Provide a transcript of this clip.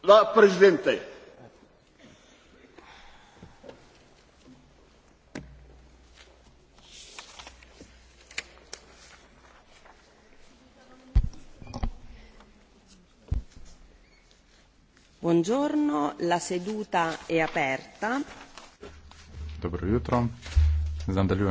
la președinte. Buongiorno, la seduta è aperta. Dobro jutro. Zandaljujem.